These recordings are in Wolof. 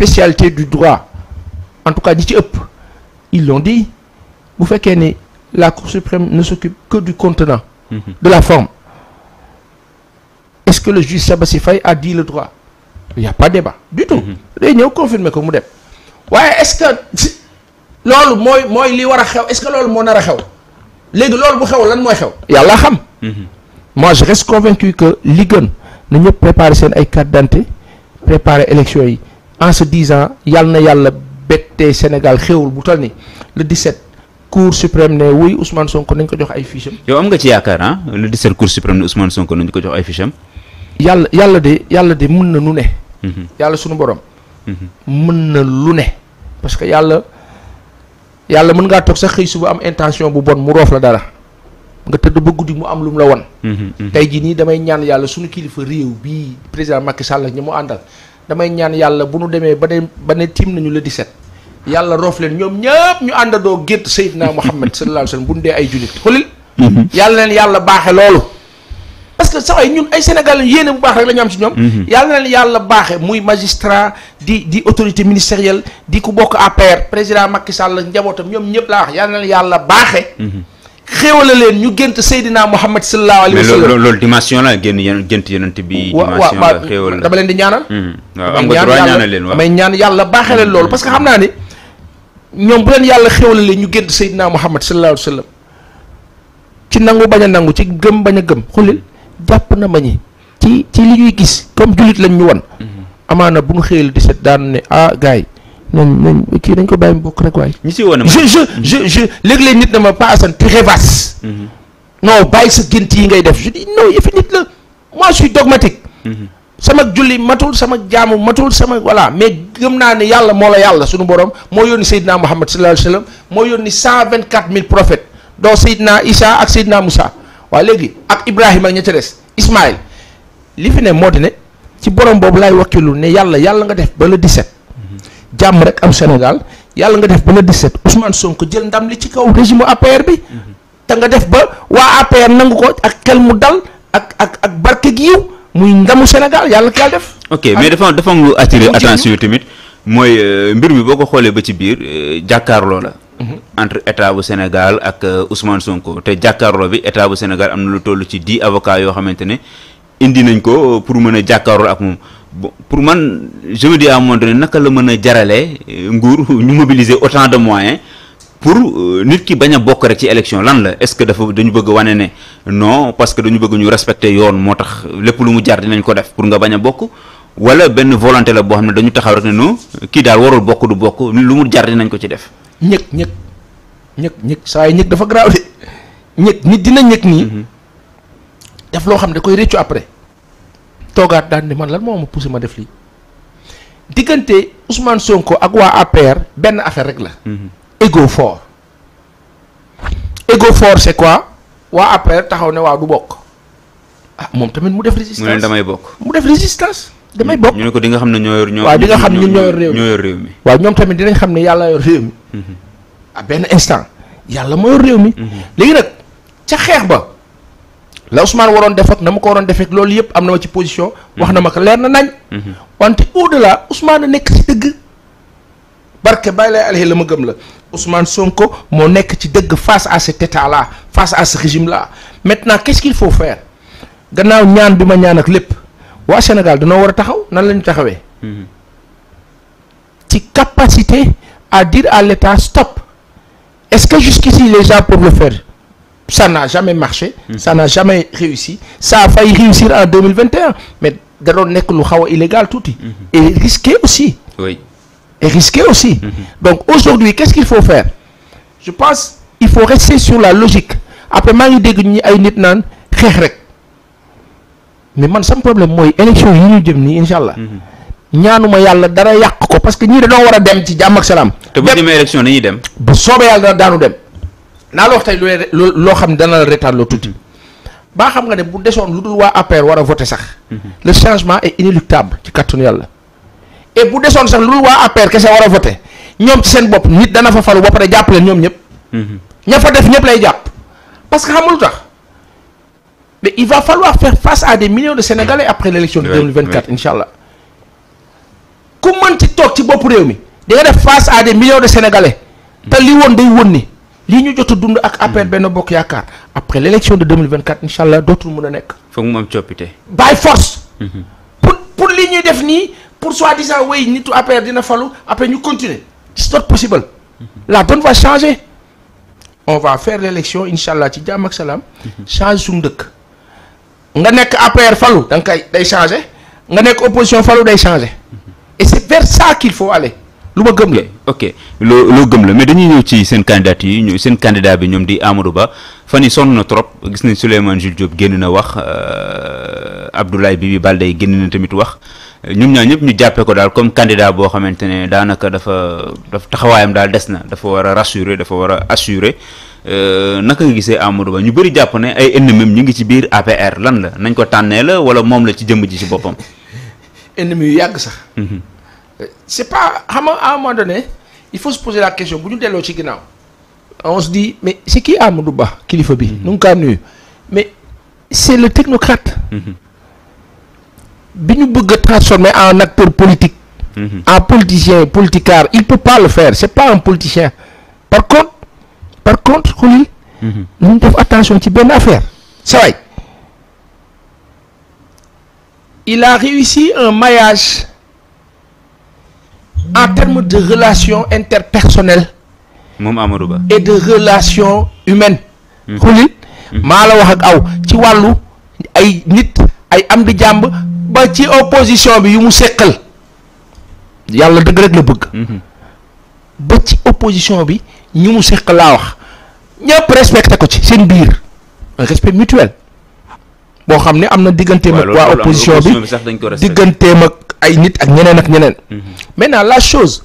spécialité du droit en tout cas ñi ci ëpp ils l'ont dit bu fekkee ni la Cour suprême ne s'occupe que du contenant mhm. de la forme est-ce que le juge Sabassi Faye a dit le droit il n'y a pas débat du tout mhm. day ñëw confirmer ko mu dem waaye est-ce que loolu mooy mooy li war a xew est-ce que loolu moo nar a xew léegi loolu bu xew lan mooy xew yàlla xam mhm. moi je reste convaincu que li gën na ñëpp préparer seen ay carte d'identité préparer élection yi en se disant yal na yàlla bettee Sénégal xéwul bu toll ni le 17 cour suprême ne wuy Ousmane Sonko nañ ko jox ay fiches am. am nga ci yaakaar ah le 17 cour suprême ne Ousmane Sonko nañ ko jox ay fiches yàlla yàlla de yàlla de mën na lu ne. Mhm. yàlla sunu borom. Mhm. mën na lu ne. parce que yàlla yàlla mën ngaa toog sax xëy suba am intention bu bon mu roof la dara nga tëdd ba guddi mu am lu mu la won mhm, tey jii nii damay ñaan yàlla sunu kilifa réew bi président Macky Sall ñi mu àndal. damay ñaan yàlla bu nu demee ba ne ba ne tiim nañu la di set yàlla roof leen ñoom ñëpp ñu àndandoo gént Seydina Muhammad sallallahu alayhi wa sallam bu nu dee ay jullit xulil mhm. yàlla leen yàlla baaxe loolu parce que sax ñun ay Sénégalais yéene bu baax rek la am ci ñoom mhm. yàlla na leen yàlla baaxe muy magistrat di di autorité ministérielle di ku bokk APR président Macky Sall njabootam ñoom ñëpp laa wax yàlla na leen yàlla baaxe mhm. xéwale leen ñu gént Seydina Muhammad sallallahu alayhi wa sallam. mais loolu loolu dimension la génn yéen gént yonent bi. dimension la xéwal dama leen di ñaanal. Hmm, waaw am nga may ñaan yàlla baaxee leen loolu parce xam naa ne ñoom bu leen yàlla xéwale leen ñu gént Seydina Muhammad sallallahu alayhi wa sallam ci nangu bañ a nangu ci gëm bañ a gëm xulil jàpp na ma ñi ci ci li ñuy gis comme jullit lañ won hmm. amaana bu ñu xëyal di set daan ne ah gars nañ nañ kii dañ ko bàyyi mu bokk rek waaye. ñu si woon je je je je léeg-léeg nit dama pas asan tu rêvasses. Mm-hmm. bàyyi sa gént yi ngay def je dis non yëfi nit la moi je dogmatique. Mm-hmm. sama julli matul sama jaamu matul sama voilà mais gëm naa ne yàlla moo la yàlla sunu borom moo yónni Seydina Muhammad sallallahu alayhi wa sallam moo yónni cent vingt quatre mille prophètes doo na Isa ak Seydina Moussa waa léegi ak Ibrahima ak ña ca li fi ne moo di ne ci borom boobu laay wakkilu ne yàlla yàlla nga def ba le 17. jàmm rek am Sénégal yàlla nga def ba le 17 Ousmane Sonko jël ndam li ci kaw régime APR bi te nga def ba waa APR nangu ko ak xel mu dal ak ak ak barke gi yiw muy ndamu Sénégal yàlla ki yàlla def. ok mais dafa dafa am lu attiré attention tamit mooy euh, mbir mi boo ko xoolee ba ci biir euh, jàkkaarloo la. Mhm. entre état bu Sénégal ak euh, Ousmane Sonko te jàkkaarloo bi état bu Sénégal am na lu toll ci di avocats yoo xamante ne indi nañ ko pour mën a jàkkaarloo ak moom. bon pour man je me dis à naka la mën a jaralee euh, nguur ñu mobiliser autant de moyen pour euh, nit ki bañ a bokk rek ci élection lan la est-ce que dafa dañu bëgg wane ne non parce que dañu bëgg ñu respecter yoon moo tax lépp lu mu jar dinañ ko def pour nga bañ a bokk walla benn volonté la boo xam ne dañu taxaw rek ne non kii daal warul bokk du bokk lu mu jar dinañ ko ci def. ñëg ñëg ñëg ñëg saa yi ñëg dafa grave de ñëg nit dina ñëg nii. Mhm. def loo xam da koy réccu après. toogaat daan ni man lan moo ma poussé ma def lii diggante Ousmane Sonko ak waa APR benn affaire rek la. Mhm. ego fort. ego fort c'est quoi waa APR taxaw ne waa du bokk ah moom tamit mu def résistance mu damay bokk mu def résistance. damay mhm. bokk ñu ne ko di nga xam ne ñoo yor ñoo waaw di xam ne ñoo yor réew mi mi. waaw ñoom tamit dinañ xam ne yàlla yor réew mi. Mhm. Ah, benn instant yàlla moo yor réew mi. léegi nag ca xeex ba. la Ousmane waroon def ak na ma ko waroon defee loolu yëpp am na ma ci position. wax na ma ko leer na nañ. wante au delà a nekk ci dëgg. barke bàyyi lay alxel la ma gëm la Ousmane Sonko moo nekk ci dëgg face à cet état là face à ce régime là maintenant qu'est-ce qu'il faut faire gannaaw ñaan bi ma ñaan ak lépp waa Sénégal danoo war a taxaw nan la ñu taxawee. ci capacité à diir à l'état stop est-ce que jusqu'ici les gens peuvent le faire. ça n'a jamais marché. Mm-hmm. ça n'a jamais réussi ça a failli réussir en 2021 mais da doon nekk lu xaw a illégal tuuti. Mm-hmm. et risqué aussi. et risqué aussi. Mm-hmm. donc aujourd'hui qu'est-ce qu'il faut faire je pense il faut rester sur la logique après maa ngi dégg ñi ay nit naan xeex rek mais man sam problème mooy élection yi ñu jëm nii incha allah. ñaanuma yàlla dara yàq ko parce que ñii dañoo war a dem ci jàmm ak salaam. te bu ñu demee élection dañuy dem. bu soobee yàlla dana daanu dem. naa la loo xam ne dana la retard loo tuuti baa xam nga ne bu desoon lu dul waa APR war a voté sax. Mhm. le changement est ci kàttanu yàlla. bu desoon sax lu dul waa APR kese war a voté ñoom seen bopp nit dana fa falu ba pare jàpp leen ñoom ñëpp. Mhm. ña fa def ñëpp lay jàpp. parce que xamul tax mais il va falloir faire face à des millions de Sénégalais après l' élection de 2024 incha allah ku mën ci toog ci bopp réew mi di nga def face à des millions de Sénégalais. te li woon day woon ni. lii ñu jot dund ak APR mm. benn bokk yaakaar après l' élection de 2024 incha allah dootul mën a nekk. foog mu am coppite. by force. Mm-hmm. pour pour li ñuy def nii pour soi-disant wey nitu APR dina falu après ñu continuer. c'est not possible. Mm-hmm. la donne va changer. on va faire l' élection incha allah ci jàmm ak salaam. Mm-hmm. change suñu dëkk. nga nekk APR falu da nga koy day changer nga nekk opposition falu day changer. et c' est vers ça qu'il faut aller. lu ma gëm la ok loo loo gëm la mais dañuy ñëw ci seen candidat yi ñu seen candidat bi ñoom di Amadou Ba fa yi sonn na trop gis nañ Souleymane Jules Diop génn na wax euh, Abdoulaye Bibi Baldé génn na tamit wax ñun ñaa ñëpp ñu jàppee ko daal comme candidat boo xamante ne daanaka dafa dafa taxawaayam daal des na dafa war a rassurer dafa war a assurer euh, naka nga gisee Amadou Ba ñu bëri jàpp ne ay ennemis ñu ngi ci biir APR lan la nañ ko tànnee la wala moom la ci jëmm ji ci boppam. yàgg c'est pas xam nga à un moment donné il faut se la question bu ñu delloo ci ginnaaw on se dit mais c'est qui Amadou Ba kilifa bi mm-hmm. nu ngi mais c'est le technocrate mm-hmm. bi ñu bëgg a transformer en acteur politique mm-hmm. en politicien politicard il peut pas le faire c'est pas un politicien par contre par contre xulil nañ def attention ci benn affaire saway il a réussi un maillage en termes de relations interpersonnelles moom Amadou Ba et de relations humaines mm-hmm. xuli mm-hmm. maa la wax ak aw ci wàllu ay nit ay am di jàmb ba ci opposition bi yu mu seqal yàlla dëgg rek la bëgg mm-hmm. ba ci opposition bi ñu mu seqal laa wax ñëpp respecté ko ci seen biir respect mutuel boo xam ne am na digganteem ak waa opposition bi digganteem ak ay nit ak ñeneen ak ñeneen. Mhm. maintenant la chose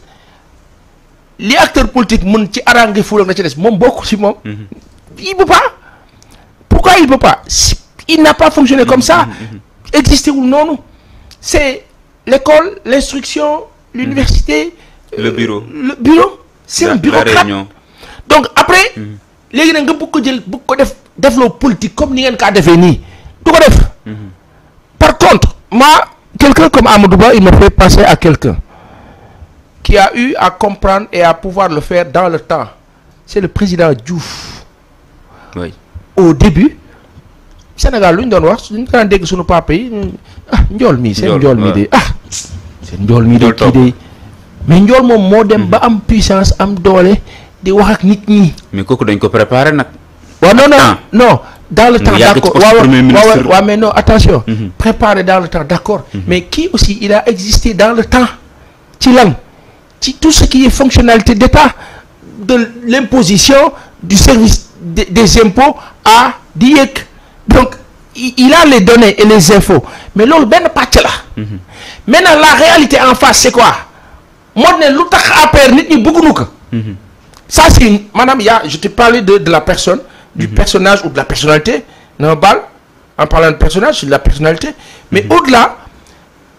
li acteur politique mën ci arrangé fulam na ci des moom bokk ci moom. Mhm. il peut pas pourquoi il peut pas il n'a pas fonctionné comme mhm, ça. existé wul noonu c'est l'école l'instruction l'université. le bureau euh, le bureau. c'est un bureaucrate donc après. léegi nag nga bëgg ko jël bëgg ko def defloo politique comme ni ngeen kaa defee nii du ko def. par contre ma. quelqu'un comme Amadou Ba, il me fait passer à quelqu'un qui a eu à comprendre et à pouvoir le faire dans le temps. C'est le président Diouf. Oui. Au début, Sénégal lu ñu doon wax suñu daan dégg suñu papa yi ah njool mi seen njool mii de ah seen njool mii de kii mais njool moom moo dem mm. ba am puissance am doole di wax ak nit ñi mais kooku dañ ko préparer nag waaw non ah. dans le temps d'accord waaw mhm. waaw mais non attention préparé mais kii aussi il a existé dans le temps ci lan ci tout ce qui est fonctionnalité d'État de l'imposition du service des impôts à di donc il a les données et les infos mais loolu benn pàcc la mhm. maintenant la réalité en face c'est quoi moo ne lu tax APR nit ñi bëgguñu ko mhm. ça c'est maanaam yaa je te parlais de la personne du personnage ou de la personnalité na ma baal en parlant de personnage c'est de la personnalité mais mhm. au la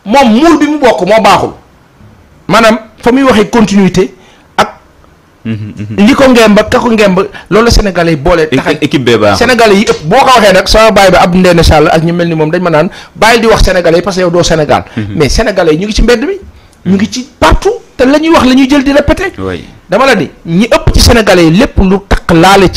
moom muul bi mu bokk moo baaxul maanaam fa muy waxee continuité ak. Mhm, mhm. li ko ngemb ak ka ko ngemb loolu la Sénégalais yi boole. tax yi ëpp boo ko waxee nag sama baay bi Abdou Ndéné Sall ak ñu mel ni moom dañ ma naan bàyyi di wax Sénégalais parce que yow doo Sénégal. mais Sénégalais yi ñu ngi ci mbedd mi. ñu ngi ci partout te la ñuy wax la ñuy jël di répété. dama la ni ñi ëpp ci Sénégalais yi lépp lu taq laale